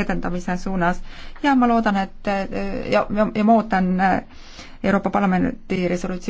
edendamise suunas ja ma loodan, et ja, ja ma ootan äh, Euroopa Parlamendi resolutsiooni